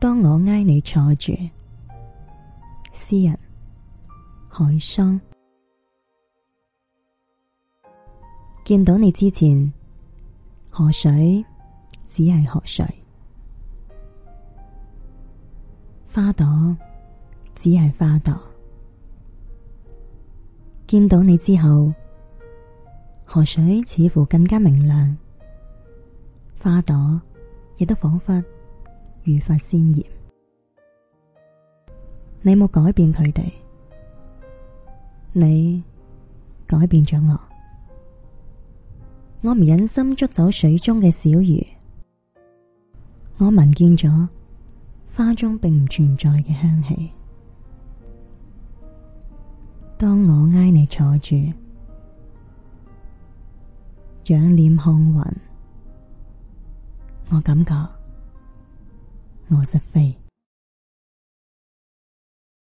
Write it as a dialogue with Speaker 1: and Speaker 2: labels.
Speaker 1: 當我挨你坐住，詩人，海桑見到你之前，河水只係河水，花朵只係花朵。見到你之後，河水似乎更加明亮，花朵亦都仿佛。越發鮮艷。你冇改變佢哋，你改變咗我。我唔忍心捉走水中嘅小魚，我聞見咗花中並唔存在嘅香氣。當我挨你坐住，仰臉看雲，我感覺。我在飛。